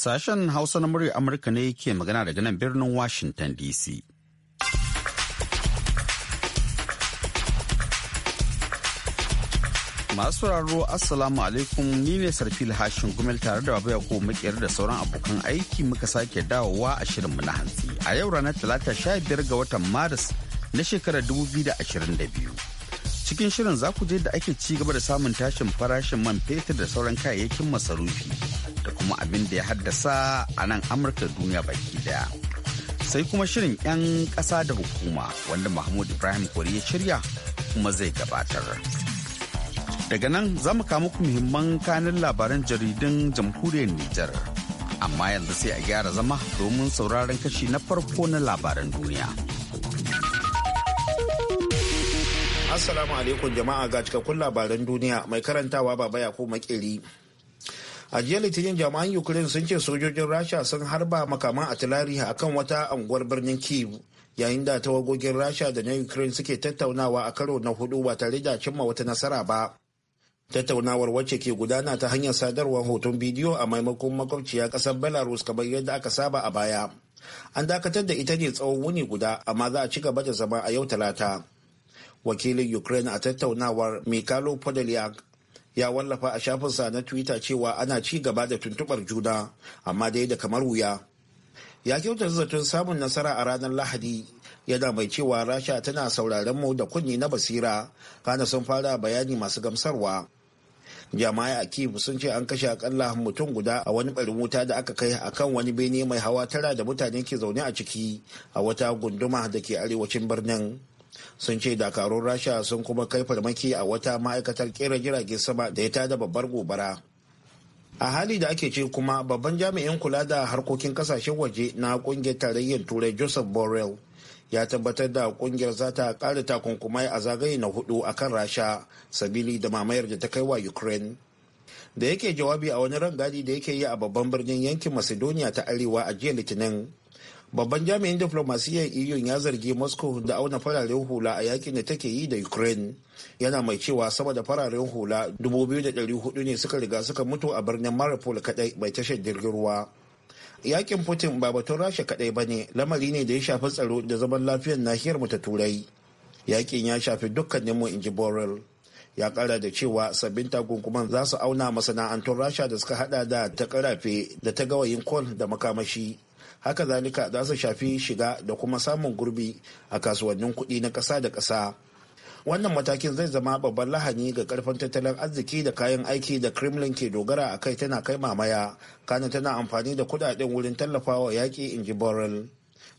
Sashen Hausa na murya Amurka ne ke magana daga nan birnin Washington DC. Masu raro Assalamu alaikum ni ne sarfi Hashin Gumel tare da wabaya yako Makiyar da sauran abokan aiki muka sake dawowa a shirinmu na hantsi. A yau ranar Talata 15 ga watan Maris na shekarar 2022. cikin shirin za ku je da ake ci gaba da samun tashin farashin man fetur da sauran kayayyakin masarufi da kuma abin da ya haddasa a nan amurka duniya baki daya sai kuma shirin 'yan ƙasa da hukuma wanda mahmud ibrahim kori ya shirya kuma zai gabatar daga nan za mu kama ku muhimman kanin labaran jaridun jamhuriyar nijar amma yanzu sai a gyara zama domin sauraron kashi na farko na labaran duniya. Assalamu alaikum jama'a ga cikakkun labaran duniya mai karantawa baba Yakubu Makeri. a jiya litinin jami'an ukraine sun ce sojojin rasha sun harba makaman atilari a kan wata anguwar birnin kiev yayin da tawagogin rasha da na ukraine suke tattaunawa a karo na hudu ba tare da cimma wata nasara ba tattaunawar wacce ke gudana ta hanyar sadarwar hoton bidiyo a maimakon makwabciya kasar belarus kamar yadda aka saba a baya an dakatar da ita ne tsawon wuni guda amma za a ci gaba da zama a yau talata wakilin ukraine a tattaunawar mikalo podolyak ya wallafa a shafinsa na twitter cewa ana ci gaba da tuntubar juna amma dai da kamar wuya ya kyauta zaton samun nasara a ranar lahadi yana mai cewa rasha tana sauraren mu da kunni na basira kana sun fara bayani masu gamsarwa jama'a a kiev sun ce an kashe akalla mutum guda a wani barin wuta da aka kai akan wani bene mai hawa tara da mutane ke zaune a ciki a wata gunduma da ke arewacin birnin sun ce dakarun rasha sun kuma kai farmaki a wata ma'aikatar kera jirage sama da ya tada babbar gobara a hali da ake ce kuma babban jami'in kula da harkokin kasashen waje na kungiyar tarayyar turai joseph borrell ya tabbatar da kungiyar za ta kara takunkumai a zagaye na hudu a kan rasha sabili da mamayar da ta kai wa ukraine da yake jawabi a wani rangadi da yake yi a babban birnin yankin macedonia ta arewa a jiya litinin babban jami'in diflomasiyyar eu ya zargi moscow da auna fararen hula a yakin da take yi da ukraine yana mai cewa sama da fararen hula 2,400 ne suka riga suka mutu a birnin maripol kadai mai tashar jirgin ruwa yakin putin ba batun rasha kadai ba ne lamari ne da ya shafi tsaro da zaman lafiyar nahiyar mu ta turai yakin ya shafi dukkaninmu in ji borrell ya kara da cewa sabbin takunkuman za su auna masana'antun rasha da suka hada da ta karafe da ta gawayin kol da makamashi haka zalika za su shafi shiga da kuma samun gurbi a kasuwannin kuɗi na ƙasa da ƙasa wannan matakin zai zama babban lahani ga karfin tattalin arziki da kayan aiki da kremlin ke dogara a kai tana kai mamaya kana tana amfani da kudaden wurin tallafawa yaƙi in ji borrell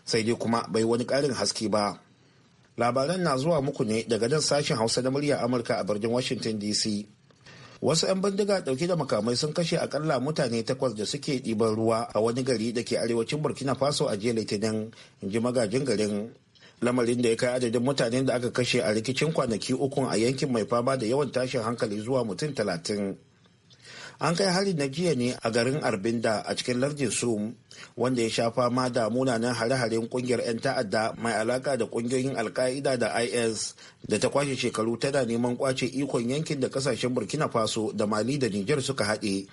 sai dai kuma bai wani ƙarin haske ba labaran na zuwa muku ne daga nan sashen hausa na murya amurka a birnin washington dc wasu 'yan bindiga dauke da makamai sun kashe akalla mutane takwas da suke ɗiban ruwa a wani gari da ke arewacin burkina faso a jiya litinin in ji magajin garin lamarin da ya kai adadin mutanen da aka kashe a rikicin kwanaki ukun a yankin mai fama da yawan tashin hankali zuwa mutum talatin an kai hari na jiya ne a garin arbinda a cikin lardin sum wanda ya sha fama da munanan hare-haren kungiyar 'yan ta'adda mai alaka da kungiyoyin alka'ida da is da ta kwashe shekaru tana neman kwace ikon yankin da kasashen burkina faso da mali da niger suka haɗe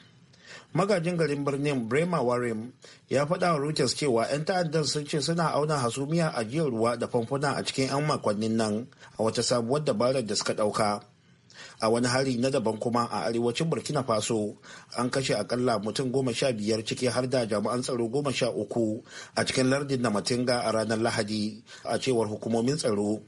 magajin garin birnin brema warim ya faɗa wa reuters cewa 'yan ta'addan sun ce suna auna hasumiya ajiyar ruwa da famfuna a cikin 'yan makonnin nan a wata sabuwar dabarar da suka ɗauka a wani hari na daban kuma a arewacin burkina faso an kashe akalla mutum goma sha biyar ciki har da jami'an tsaro goma sha uku a cikin lardin na matinga a ranar lahadi a cewar hukumomin tsaro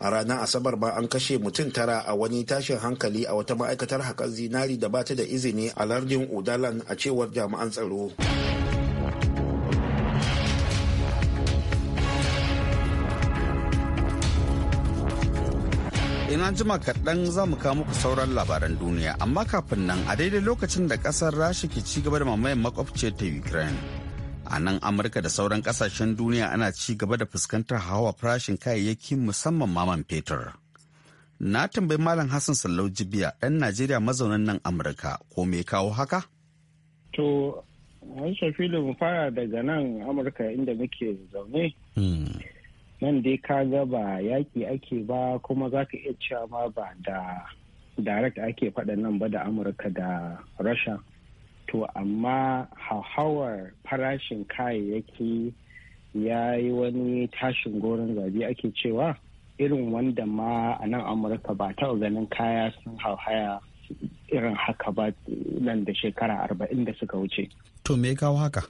a ranar asabar ba an kashe mutum tara a wani tashin hankali a wata ma'aikatar haƙar zinari da bata da izini a lardin udalan a cewar jami'an tsaro in jima kaɗan za mu kawo muku sauran labaran duniya amma kafin nan a daidai lokacin da ƙasar rasha ke ci gaba da mamayen makwabce ta ukraine a nan amurka da sauran ƙasashen duniya ana ci gaba da fuskantar hawa farashin kayayyaki musamman maman fetur na tambayi malam hassan sallau jibiya ɗan najeriya mazaunan nan amurka ko me kawo haka to wani shafi mu fara daga nan amurka inda muke zaune hmm. nan dai ka ga ba yaƙi ake ba kuma za ka iya cewa ma ba da direct ake faɗa nan ba da amurka da rasha to amma hauhawar farashin kayayyaki ya yi wani tashin goron zabi ake cewa irin wanda ma a nan amurka ba ta ganin kaya sun hauhaya irin haka ba nan da shekara arba'in da suka wuce to me kawo haka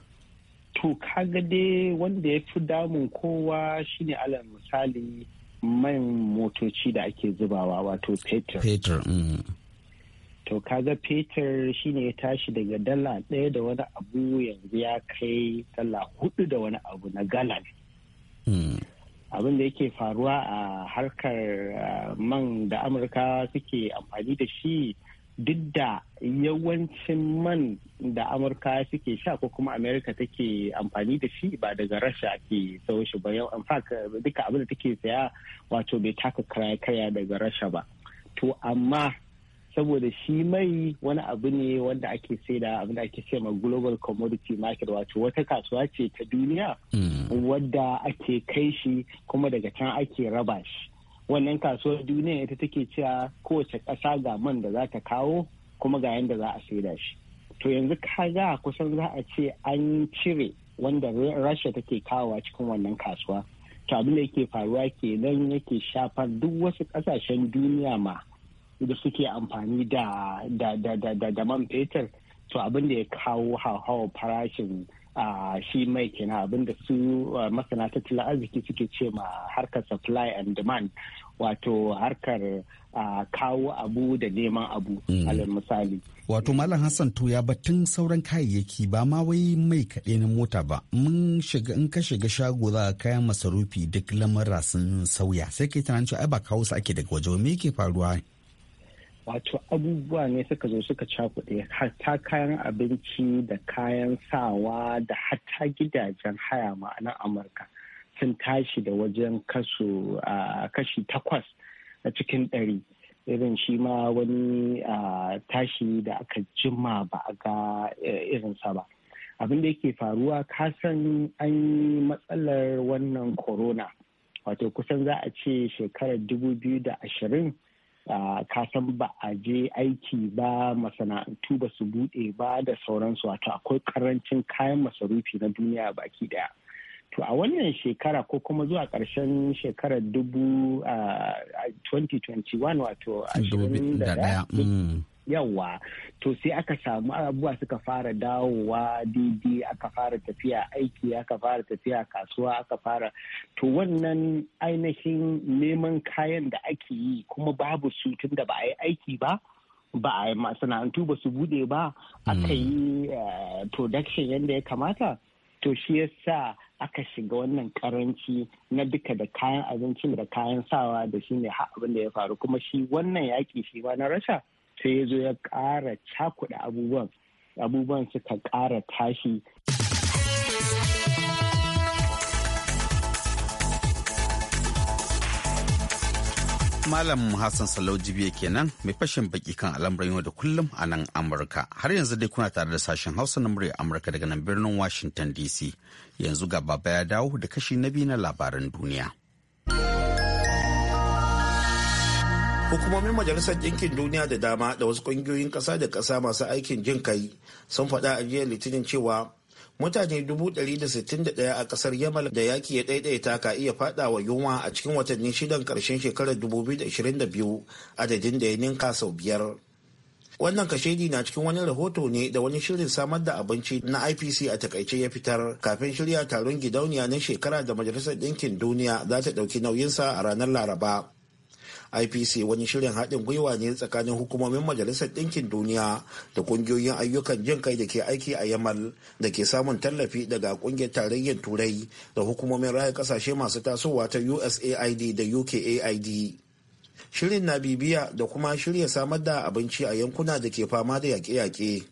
to kaga dai wanda ya fi damun kowa shine alal misali man motoci da ake zubawa wato fetur mm. to kaga fetur shine ya tashi daga dala ɗaya da wani abu yanzu ya kai dala hudu da wani abu na galan mm. abin da yake faruwa a harkar ah, man da amurka suke amfani da shi duk da yawancin man da amurka suke sha ko kuma amerika take amfani da shi ba daga rasha ake sau shi ba yau in duka abin da take saya wato bai taka kaya kaya daga rasha ba to amma saboda shi mai wani abu ne wanda ake saida abin da ake ma global commodity market wato wata kasuwa ce ta duniya hmm. wadda ake kai shi kuma daga can ake raba shi wannan kasuwar duniya ita take cewa kowace ƙasa ga man da za ta kawo kuma ga yadda za a saida shi to yanzu kaga kusan za a ce an cire wanda rasha take kawowa cikin wannan kasuwa to abin da yake faruwa kenan yake shafar duk wasu ƙasashen duniya ma da suke amfani da da man fetur to abin da ya kawo hauhawar farashin a shi mai kenan abinda su masana tattalin arziki suke ce ma harkar supply and demand wato harkar kawo abu da neman abu hmm. alal misali wato malam hassan to ya batun sauran kayayyaki ba ma wai mai kaɗai na mota ba mun shiga in ka shiga shago za ka kayan masarufi duk lamura sun sauya sai ka yi tunanin cewa ai ba kawo su ake daga waje me ke faruwa wato abubuwa ne suka zo suka cakuɗe hatta kayan abinci da kayan sawa da hatta gidajen haya ma'anar amurka sun tashi da wajen kaso kashi takwas a cikin ɗari irin shi ma wani tashi da aka jima ba a ga e, irinsa ba abin da yake faruwa kasan an yi matsalar wannan corona wato kusan za a ce shekarar 2020 ka san ba a je aiki ba masana'antu ba su bude ba da sauransu wato akwai karancin kayan masarufi na duniya baki daya to a wannan shekara ko kuma zuwa ƙarshen shekarar dubu 2021 wato yawa to sai aka samu abubuwa suka fara dawowa daidai aka fara tafiya aiki aka fara tafiya kasuwa aka fara to wannan ainihin neman kayan da ake yi kuma babu su tun da ba a yi aiki ba ba a masana'antu ba su bude ba aka hmm. yi eh, production yadda ya kamata to shi yasa aka shiga wannan karanci na duka da kayan abincin da kayan sawa da shi ne abin da ya faru kuma shi wannan yaƙi shi ba na rasha sai ya zo ya ƙara cakuɗa abubuwan abubuwan suka ƙara tashi Malam Hassan Salau Jibiya kenan mai fashin baki kan al'amuran yau da kullum a nan Amurka. Har yanzu dai kuna tare da sashen Hausa na murya Amurka daga nan birnin Washington DC. Yanzu ga baba ya dawo da kashi na biyu na labaran duniya. hukumomin majalisar ɗinkin duniya da dama da wasu ƙungiyoyin ƙasa da ƙasa masu aikin jin kai sun faɗa a jiya litinin cewa mutane 161 a ƙasar yamal da yaƙi ya ɗaiɗaita ka iya faɗa wa yunwa a cikin watanni shidan ƙarshen shekarar 2022 adadin da ya ninka sau biyar wannan kashedi na cikin wani rahoto ne da wani shirin samar da abinci na ipc a takaice ya fitar kafin shirya taron gidauniya na shekara da majalisar ɗinkin duniya za ta ɗauki nauyinsa a ranar laraba IPC wani shirin haɗin gwiwa ne tsakanin hukumomin Majalisar Ɗinkin Duniya da ƙungiyoyin ayyukan jin kai da ke aiki a Yamal da ke samun tallafi daga ƙungiyar tarayyar Turai da hukumomin raya ƙasashe masu tasowa ta USAID da UKAID. Shirin na bibiya da kuma shirya samar da abinci a yankuna da ke fama da yaƙe-yaƙe.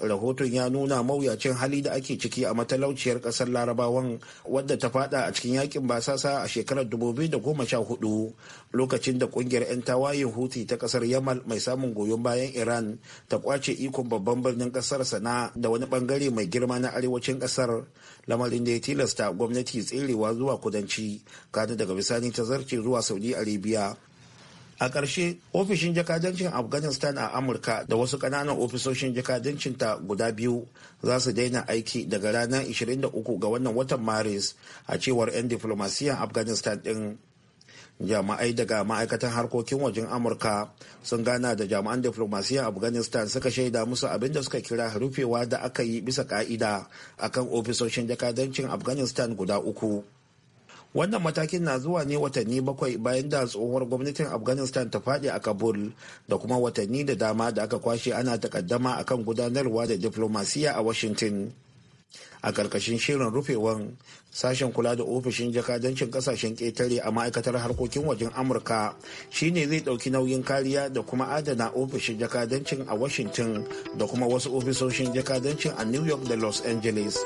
rahoton ya nuna mawuyacin hali da ake ciki a matalauciyar kasar larabawan wadda ta fada a cikin yakin basasa a shekarar 2014 lokacin da kungiyar 'yan tawaye huti ta kasar yamal mai samun goyon bayan iran ta kwace ikon babban birnin kasar sana da wani bangare mai girma na arewacin kasar lamarin da ya tilasta gwamnati tserewa zuwa kudanci kada daga bisani ta zarce zuwa saudi arabia a ƙarshe ofishin jakadancin afghanistan a amurka da wasu ƙananan ofisoshin jakadancin ta guda biyu za su daina aiki daga ranar 23 ga wannan watan maris a cewar 'yan diflomasiyan afghanistan din jama'ai daga ma'aikatan harkokin wajen amurka sun gana da jami'an diflomasiyan afghanistan suka shaida musu abin da suka kira rufewa da aka yi bisa ka'ida akan ofisoshin jakadancin afghanistan guda uku wannan matakin na zuwa ne watanni bakwai bayan da tsohuwar gwamnatin afghanistan ta faɗi a kabul da kuma watanni da dama da aka kwashe ana takaddama akan gudanarwa da diplomasiya a washington a ƙarƙashin shirin rufewan sashen kula da ofishin jakadancin ƙasashen ƙetare a ma'aikatar harkokin wajen amurka shine zai ɗauki nauyin kariya da kuma adana ofishin jakadancin a washington da kuma wasu ofisoshin jakadancin a new york da los angeles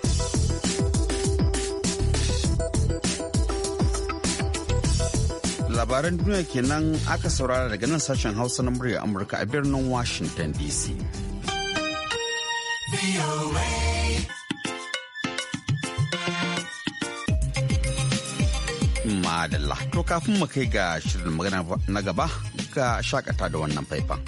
labaran duniya kenan aka saurara daga nan sashen hausa na murya amurka a birnin washington dc madalla to kafin mu kai ga shirin magana na gaba ga shakata da wannan faifan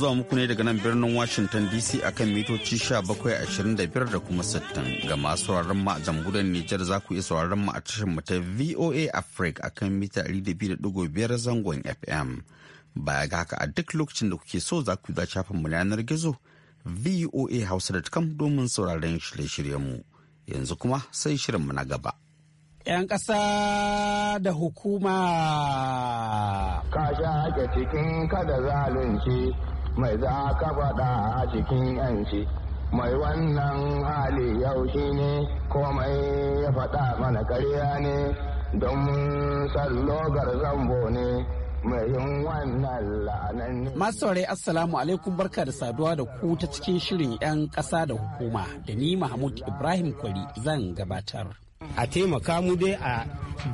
zuwa muku ne daga nan birnin Washington DC akan mitoci 1725 da kuma 60 ga masu sauraron ma a jamhuriyar Nijar za ku iya sauraron mu a tashar mu ta VOA Africa akan mita 200.5 zangon FM. Baya ga haka a duk lokacin da kuke so za ku za shafin mu yanar gizo voahausa.com domin sauraron shirye-shiryen mu. Yanzu kuma sai shirin mu na gaba. 'yan ƙasa da hukuma. Ka sha cikin kada zalunci mai za ka faɗa a cikin yanci mai wannan hali yau ne komai ya faɗa mana karya ne don sallogar zambo ne Masu saurayi Assalamu alaikum barka da saduwa da ku ta cikin shirin 'yan ƙasa da hukuma da ni Mahmud Ibrahim Kwari zan gabatar. a taimaka mu dai a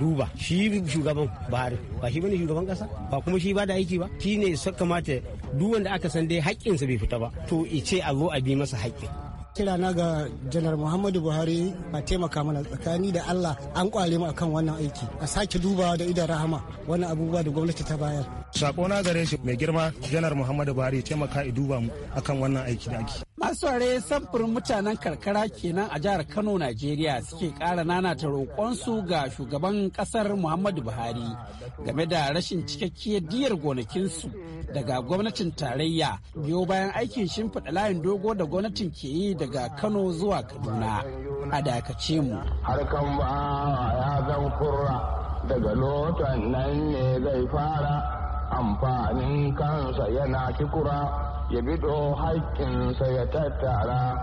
duba shi shugaban buhari ba shi bane shugaban kasa ba kuma shi ba da aiki ba shi ne su kamata duk wanda aka san dai haƙƙinsa bai fita ba to ice a zo a bi masa haƙƙin kirana ga janar muhammadu buhari a taimaka mana tsakani da allah an kware mu akan wannan aiki a sake dubawa da idan rahama wannan abubuwa da gwamnati ta bayar sako na gare shi mai girma janar muhammadu buhari taimaka i duba mu akan wannan aiki da ake An saurari samfurin mutanen karkara kenan a jihar Kano, Najeriya suke ƙara nanata roƙonsu ga shugaban ƙasar Muhammadu Buhari game da rashin cikakkiyar diyar gonakinsu daga gwamnatin tarayya biyo bayan aikin shimfiɗa layin dogo da gwamnatin ke yi daga Kano zuwa Kaduna. A dakace mu. Harkan ba ya zan kurra daga lotan nan ne zai fara amfanin kansa yana kikura ya bido haƙƙinsa ya tattara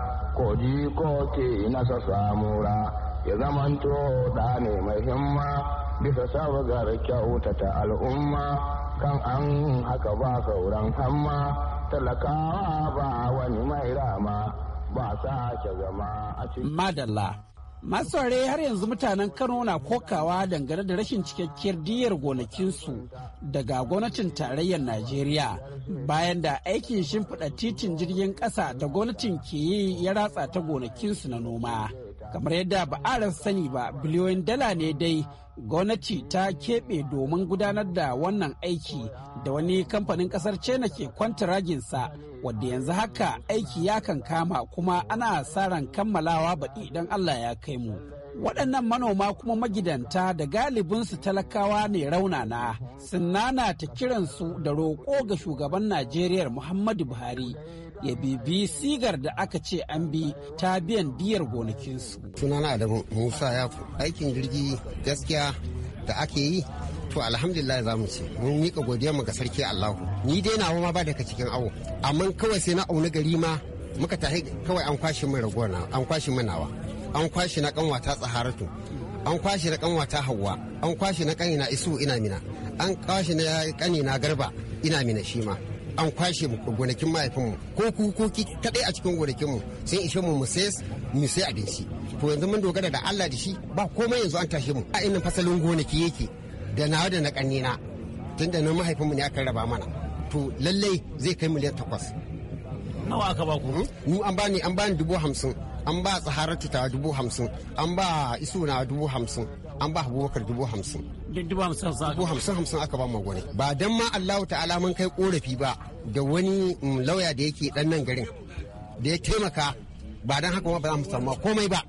ji ko ke nasa samura ya zamanto da ne mai himma bisa sabgar kyautata al'umma kan an haka ba sauran hamma talakawa ba wani mai rama ba sa zama a cikin madalla masu har yanzu mutanen kano na kokawa dangane da rashin cikakkiyar diyar gonakinsu daga gwamnatin tarayyar najeriya bayan da aikin shimfiɗa titin jirgin ƙasa da gwamnatin ke yi ya ratsa ta gonakinsu na noma kamar yadda ba a sani ba biliyoyin dala ne dai gwamnati ta keɓe domin gudanar da wannan aiki da wani kamfanin ƙasar china ke kwanta raginsa wadda yanzu haka aiki ya kan kama kuma ana saran kammalawa baɗi idan allah ya kai mu waɗannan manoma kuma magidanta da galibinsu talakawa ne raunana sun nana ta kiransu da roƙo ga shugaban najeriya muhammadu buhari ya bibi sigar da aka ce an bi ta biyan biyar gonakinsu. Sunana da Musa ya aikin jirgi gaskiya da ake yi to alhamdulillah za mu ce mun miƙa godiya mu ga sarki Allahu ni dai nawa ma ba daga cikin awo amma kawai sai na auna gari ma muka tahi kawai an kwashe min raguwa na an kwashe min nawa an kwashe na tsaharatu an kwashe na ta hawa an kwashe na kanina Isu ina mina an kwashe na kanina Garba ina mina shi ma an kwashe gonakin mahaifinmu ko kukoki kadai a cikin gonakinmu sai ishe mu mu sai mu sai abinci to yanzu mun dogara da Allah da shi ba komai yanzu an tashe mu a inda fasalin gonaki yake da nawa da na kannina tunda na mahaifinmu ne aka raba mana to lallai zai kai miliyan takwas nawa aka ba ku hmm? mu an bani an bani dubu hamsin an ba tsaharar ta dubu hamsin an ba isu na dubu hamsin an ba abubakar dubu hamsin dubu hamsin hamsin aka ba magwani ba don ma allahu ta'ala mun kai korafi ba da wani mm, lauya da yake dan nan garin da ya taimaka ba don haka ma ba za mu samu komai ba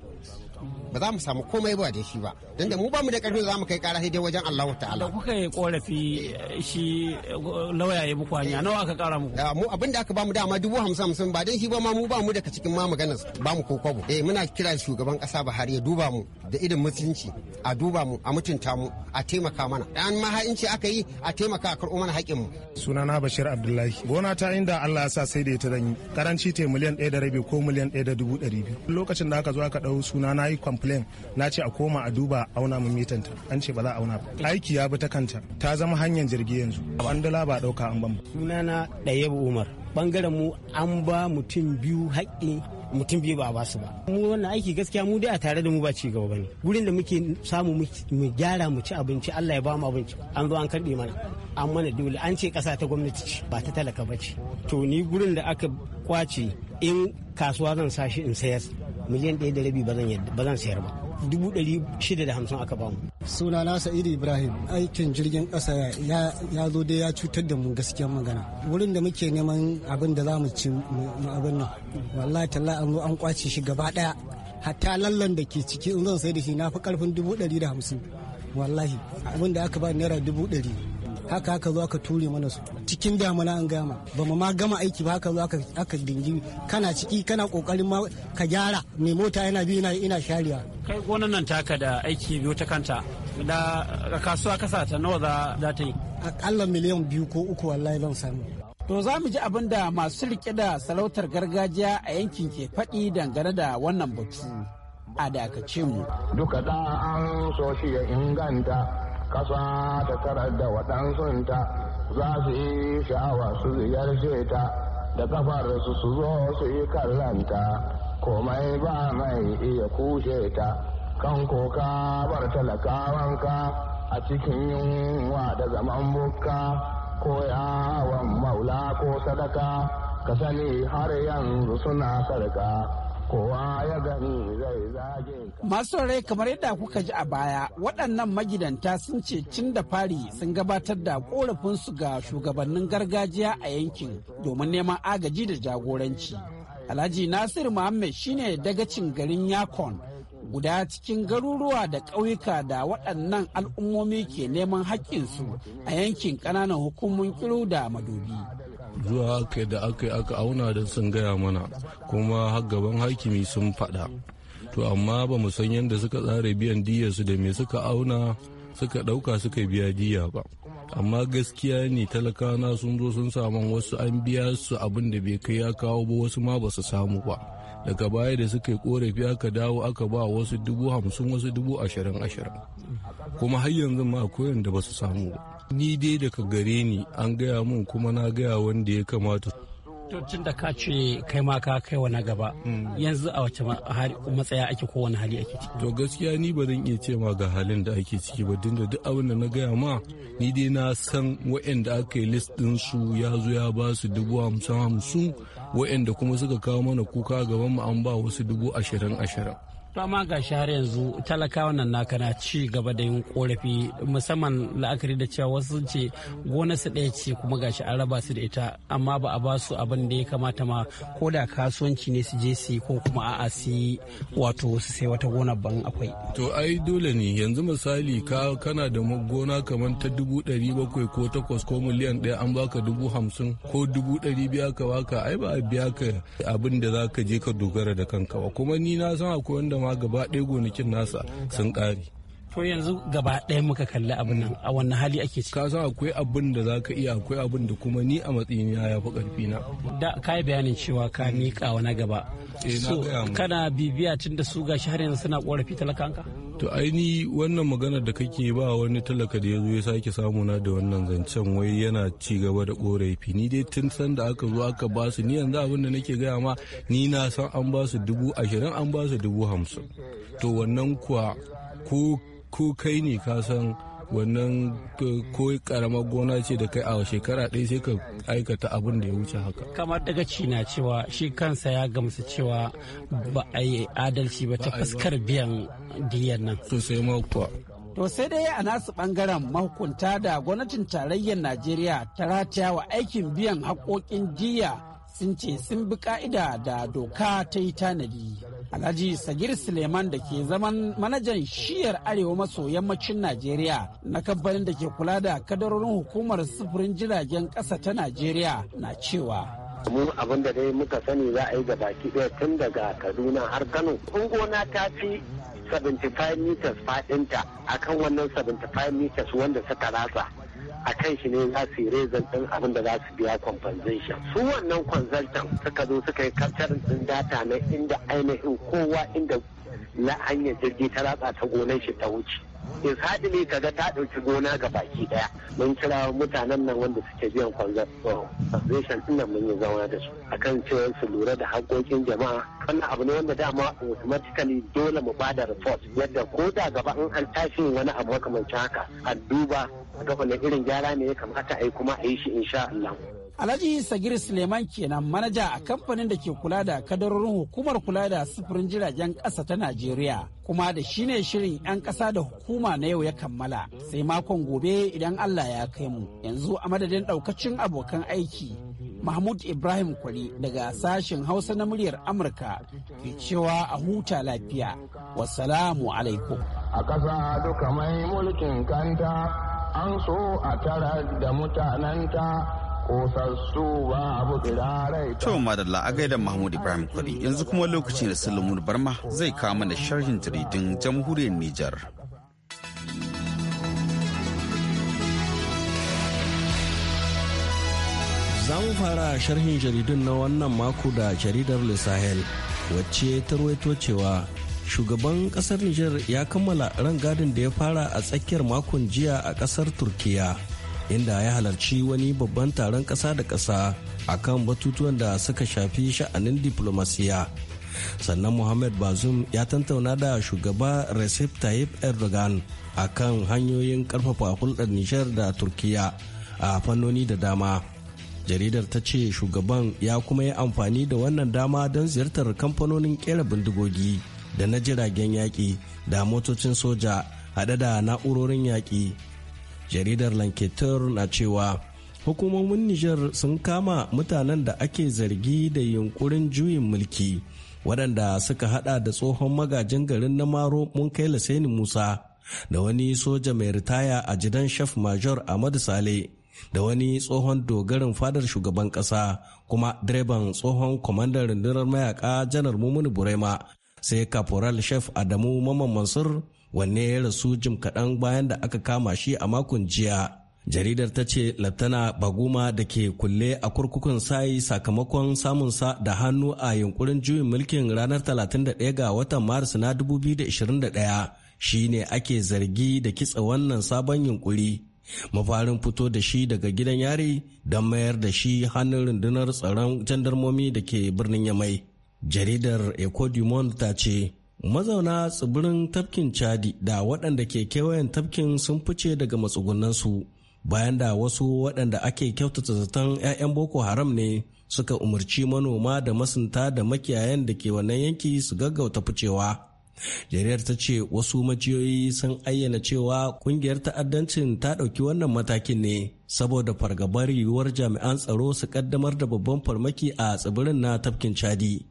ba za mu samu komai ba da shi ba don da mu ba mu da karfin za mu kai kara sai dai wajen Allah ta'ala da kuka yi korafi eh, shi eh, lauya ya muku hanya nawa aka kara muku mu abin da aka ba mu dama dubu hamsin hamsin ba dai shi ba ma mu ba mu daga cikin ma maganar ba mu ko kwabo eh muna kira shugaban kasa Buhari ya duba mu da irin mutunci a duba mu a mutunta mu a taimaka mana dan ma ha'inci aka yi a taimaka a karɓo mana haƙƙin mu sunana Bashir Abdullahi gona ta inda Allah ya sa sai da ita dan karanci te miliyan ɗaya da rabi ko miliyan ɗaya da dubu biyu. lokacin da aka zo aka ɗau suna na yi kwamfani complain na ce a koma a duba auna mun mitanta an ce ba za a auna ba aiki ya bi ta kanta ta zama hanyar jirgi yanzu an dala ba dauka an ban sunana ɗayyabu umar bangaren mu an ba mutum biyu haƙƙi mutum biyu ba a basu ba mu wannan aiki gaskiya mu dai a tare da mu ba ci gaba bane gurin da muke samu mu gyara mu ci abinci Allah ya ba mu abinci an zo an karbe mana an mana dole an ce kasa ta gwamnati ce ba ta talaka ba ce to ni gurin da aka kwace in kasuwa zan sashi in sayar miliyan ɗaya da rabi ba zan sayar ba dubu ɗari shida da hamsin aka bamu. suna na sa'idu ibrahim aikin jirgin ƙasa ya zo dai ya cutar da mu gaskiyar magana wurin da muke neman abin da za mu ci mu abin nan wallahi talla an zo an kwace shi gaba ɗaya hatta lallan da ke ciki in zan sai da shi na fi karfin dubu ɗari da hamsin wallahi abin da aka ba naira dubu ɗari haka haka zo aka ture mana su cikin damuna an gama ba mu ma gama aiki ba haka zo aka dingi kana ciki kana kokarin ma ka gyara mai mota yana bi ina shariya kai gonan nan taka da aiki biyu ta kanta da kasuwa kasa ta nawa za ta yi akalla miliyan biyu ko uku wallahi zan samu To za mu ji abin da masu rike da sarautar gargajiya a yankin ke faɗi dangane da wannan batu a dakace mu. Duka ɗan an so shi ya inganta kasa ta tarar da waɗansunta za su yi sha'awa su ziyarce ta da kafar su su zo su yi kallanta komai ba mai iya kushe ta kan koka bar talakawanka a cikin yunwa da zaman bukka ko yawon maula ko sadaka ka sani har yanzu suna sarka. kowa masu rai kamar yadda kuka ji a baya waɗannan magidanta sun ce cin da fari sun gabatar da korafinsu ga shugabannin gargajiya a yankin domin neman agaji da jagoranci alhaji nasir muhammad shine dagacin garin yakon guda cikin garuruwa da ƙauyuka da waɗannan al'ummomi ke neman haƙƙinsu a yankin ƙananan hukumar kiro da madobi zuwa haka da aka aka auna da sun gaya mana kuma har gaban hakimi sun faɗa to amma ba mu san yadda suka tsara biyan diyar su da me suka auna suka ɗauka suka biya diya ba amma gaskiya ne talakana sun zo sun samu wasu an biya su abin da bai kai ya kawo ba wasu ma ba su samu ba daga baya da suka yi korafi aka dawo aka ba wasu dubu hamsin wasu dubu ashirin ashirin kuma har yanzu ma akwai da ba su samu ba ni dai daga gare ni an gaya mun kuma na gaya wanda ya kamata to tun da ka ce kai ma ka kai wani gaba mm. yanzu a wace matsaya ake ko wani hali ake ciki to gaskiya ni ba zan iya ce ma ga halin da ake ciki ba din da duk abin da na gaya ma ni dai na san wa'anda aka yi list din su ya zo ya ba su dubu hamsin hamsin wa'anda kuma suka kawo mana kuka gaban mu an ba wasu dubu ashirin ashirin to amma ga shi har yanzu talakawa nan naka na ci gaba da yin korafi musamman la'akari da cewa wasu sun ce gona su ɗaya ce kuma gashi an raba su da ita amma ba a ba su abin da ya kamata ma ko da kasuwanci ne su je su ko kuma a'a su yi wato su sai wata gona ban akwai to ai dole ne yanzu misali ka kana da gona kamar ta dubu ɗari bakwai ko takwas ko miliyan ɗaya an baka dubu hamsin ko dubu ɗari biya ka baka ai ba a biya ka abin da za ka je ka dogara da kanka ba kuma ni na san akwai wanda ma gaba ɗaya gonakin nasa sun ƙare to yanzu gaba ɗaya muka kalli abin nan a wannan hali ake ciki ka san akwai abin da zaka iya akwai abin da kuma ni a matsayin ya fi karfi na da yi bayanin cewa ka mika wani gaba eh, so kana bibiya tun da su gashi har yanzu suna korafi talakanka to aini wannan maganar da kake ba wani talaka da ya zo ya sake samu na da wannan zancen wai yana ci gaba da korafi ni dai tun san da aka zo aka ba su ni yanzu abin da nake gaya ma ni na san an ba su dubu ashirin an ba su dubu hamsin to wannan kuwa ko ko kai ne ka san wannan ko karama gona ce da kai a shekara ɗaya sai ka aikata abin da ya wuce haka kamar daga cina cewa shi kansa ya gamsu cewa ba a yi adalci ba ta fuskar biyan diyan nan sosai ma To sai dai a nasu bangaren mahukunta da gwamnatin tarayyar Najeriya ta rataya wa aikin biyan haƙoƙin diya sun ce sun bi ka'ida da doka ta yi tanadi. Alhaji Sagir Suleiman da ke zaman manajan shiyar arewa maso yammacin Najeriya na kamfanin da ke kula da kadarorin hukumar sufurin jiragen ƙasa ta Najeriya na cewa. mu abin da dai muka sani za a yi da baki ɗaya tun daga kaduna har kano gona ta fi 75 meters faɗinta akan wannan 75 meters wanda suka rasa a kan shi ne za su yi rezan ɗin abin da za su biya compensation su wannan consultant suka zo suka yi capturing ɗin data na inda ainihin kowa inda na hanyar jirgi ta ratsa ta gonar shi ta wuce sadili kaga ta ɗauki gona ga baki ɗaya mun kira mutanen nan wanda suke biyan conservation oh, ɗin nan mun yi zama da su akan cewa su lura da haƙoƙin jama'a wannan abu ne wanda dama automatically dole mu bada report yadda ko da gaba in an tashi wani abu makamancin haka a duba ga wani irin gyara ne ya kamata a yi kuma a yi shi insha Allah. Alhaji Sagir Suleiman kenan manaja a kamfanin da ke kula da kadarorin hukumar kula da sufurin jiragen ƙasa ta Najeriya kuma da shi ne shirin 'yan ƙasa da hukuma na yau ya kammala sai makon gobe idan Allah ya kai mu yanzu a madadin ɗaukacin abokan aiki Mahmud Ibrahim Kwari daga sashen Hausa na muryar Amurka ke cewa a huta lafiya. Wassalamu alaikum. A ƙasa duka mai mulkin kanta an so a tara da mutananta kosassu ba abu tsirarai. madalla a Mahmud Ibrahim Kwari yanzu kuma lokacin da Salimu Barma zai kama da sharhin jaridun jamhuriyar Nijar. Za mu fara sharhin jaridun na wannan mako da jaridar lissahel wacce ta ruwaito cewa shugaban kasar Nijar ya kammala rangadin da ya fara a tsakiyar makon jiya a kasar Turkiya inda ya halarci wani babban taron kasa da kasa akan batutuwan da suka shafi sha'anin diplomasiya. sannan Muhammad bazum ya tantauna da shugaba Recep Tayyip Erdogan a kan hanyoyin karfafa hulɗar Nijar da Turkiya a fannoni da dama. jaridar ta ce shugaban ya kuma yi amfani da wannan dama don ziyartar kamfanonin kera bindigogi da na jiragen yaƙi da motocin soja haɗe da na'urorin yaƙi jaridar lanketer na cewa hukumomin nijar sun kama mutanen da ake zargi da yunkurin juyin mulki waɗanda suka hada da tsohon magajin garin na maro mun kai lasaini musa da wani soja mai ritaya a jidan chef major ahmadu sale da wani tsohon dogarin fadar shugaban ƙasa kuma direban tsohon kwamandan rundunar mayaka janar mumunu burema sai kaporal chef adamu maman mansur wanne ya rasu jim kaɗan bayan da aka kama shi a makon jiya jaridar ta ce latana baguma da ke kulle a kurkukun sayi sakamakon samunsa da hannu a yunkurin juyin mulkin ranar 31 ga watan maris na 2021 shine ake zargi da kitsa wannan sabon yunkuri mafarin fito da shi daga gidan yari don mayar da shi hannun rundunar tsaron jandarmomi da ke birnin yamai jaridar eco ta ce mazauna tsibirin tafkin chadi da waɗanda ke kewayen tafkin sun fice daga matsugunansu bayan da wasu waɗanda ake kyautata zaton 'ya'yan boko haram ne suka umarci manoma da masunta da makiyayan da ke wannan yanki su gaggauta ficewa jaridar ta ce wasu majiyoyi sun ayyana cewa kungiyar ta'addancin ta ɗauki wannan matakin ne saboda fargabar yiwuwar jami'an tsaro su kaddamar da babban farmaki a tsibirin na tafkin chadi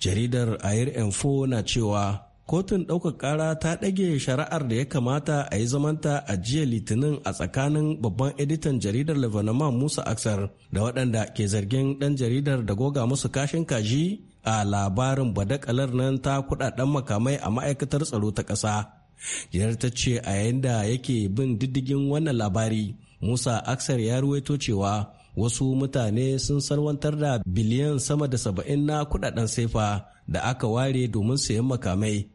jaridar ayir info na cewa kotun ɗaukar ƙara ta ɗage shari'ar da ya kamata a yi zamanta a jiya litinin a tsakanin babban editan jaridar lebanon musa aksar da waɗanda ke zargin ɗan jaridar da goga musu kashin kaji a labarin badakalar nan ta kudaden makamai a ma'aikatar tsaro ta ƙasa. Jiyar ta ce a yayin da yake bin diddigin wannan labari, Musa Aksar ya ruwaito cewa wasu mutane sun sarwantar da biliyan sama da saba'in na kudaden sefa da aka ware domin sayan makamai.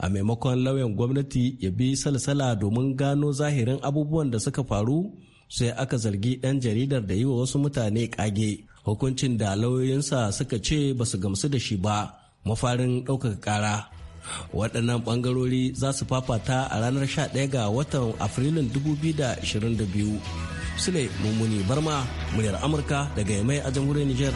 A maimakon lauyan gwamnati ya bi salsala domin gano zahirin abubuwan da suka faru sai aka zargi ɗan jaridar da yi wa wasu mutane ƙage hukuncin da lauyoyinsa suka ce ba su gamsu da shi ba mafarin ɗaukaka ƙara waɗannan ɓangarori za su fafata a ranar 11 ga watan afrilun 2022 sule mummuni barma muryar amurka daga yamai a jamhuriyar niger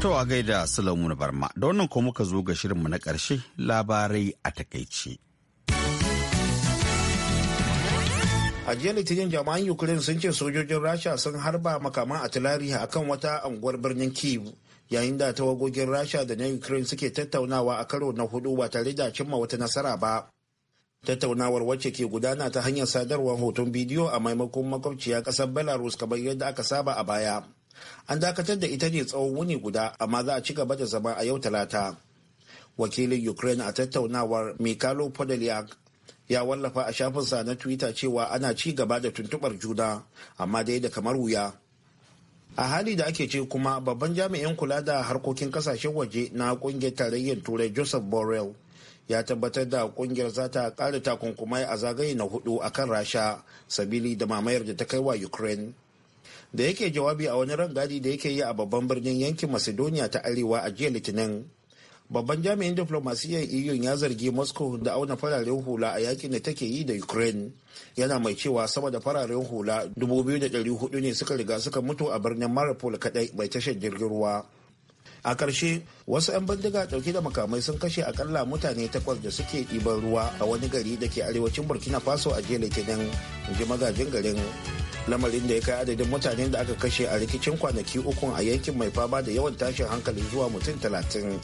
To a gaida Salamu na Barma, da wannan ko muka zo ga shirinmu na ƙarshe labarai a takaice. a jiya litinin jami'an ukraine sun ce sojojin rasha sun harba makaman atilari a kan wata anguwar birnin kiev yayin da tawagogin rasha da na ukraine suke tattaunawa a karo na hudu ba tare da cimma wata nasara ba tattaunawar wacce ke gudana ta hanyar sadarwar hoton bidiyo a maimakon makwabciya kasar belarus kamar yadda aka saba a baya an dakatar da ita ne tsawon wuni guda amma za a ci gaba da zama a yau talata wakilin ukraine a tattaunawar mikhailo podolyak ya wallafa a shafinsa na twitter cewa ana ci gaba da tuntubar juna amma dai da kamar wuya a hali da ake ce kuma babban jami'in kula da harkokin kasashen waje na kungiyar tarayyar turai joseph borrell ya tabbatar da kungiyar za ta kara takunkumai a zagaye na hudu a kan rasha sabili da mamayar da ta kai wa ukraine da yake jawabi a wani rangadi da yake yi a babban birnin yankin macedonia ta arewa a jiya litinin babban jami'in diflomasiyyar eu ya zargi moscow da auna fararen hula a yakin da take yi da ukraine yana mai cewa sama da fararen hula 2,400 ne suka riga suka mutu a birnin maripol kadai bai tashar jirgin ruwa a ƙarshe wasu 'yan bindiga ɗauke da makamai sun kashe akalla mutane takwas da suke ɗiban ruwa a wani gari da ke arewacin burkina faso a jiya kenan ji magajin garin lamarin da ya kai adadin mutanen da aka kashe a rikicin kwanaki ukun a yankin mai fama da yawan tashin hankali zuwa mutum talatin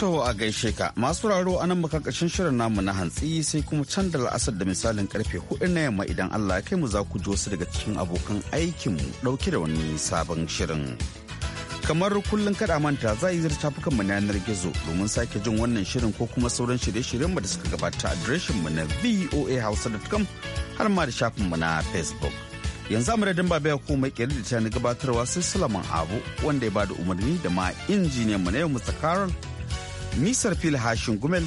To a gaishe ka masu raro anan makakashin shirin namu na hantsi sai kuma can da la'asar da misalin karfe hudu na yamma idan Allah ya kai mu za ku ji wasu daga cikin abokan aikin mu dauke da wani sabon shirin. kamar kullum kada manta za a yi zirta fukan mu na yanar gizo domin sake jin wannan shirin ko kuma sauran shirye-shiryen da suka gabata a adireshin mu na voahausa.com har ma da shafin mu na facebook yanzu a madadin ba biya ko mai da ta gabatarwa sai sulaman abu wanda ya ba da umarni da ma injiniyan mu na yau mr carol Nisar fil hashin gumel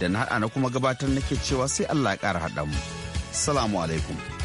da na haɗa na kuma gabatar nake cewa sai Allah ya ƙara haɗa mu. Salamu alaikum.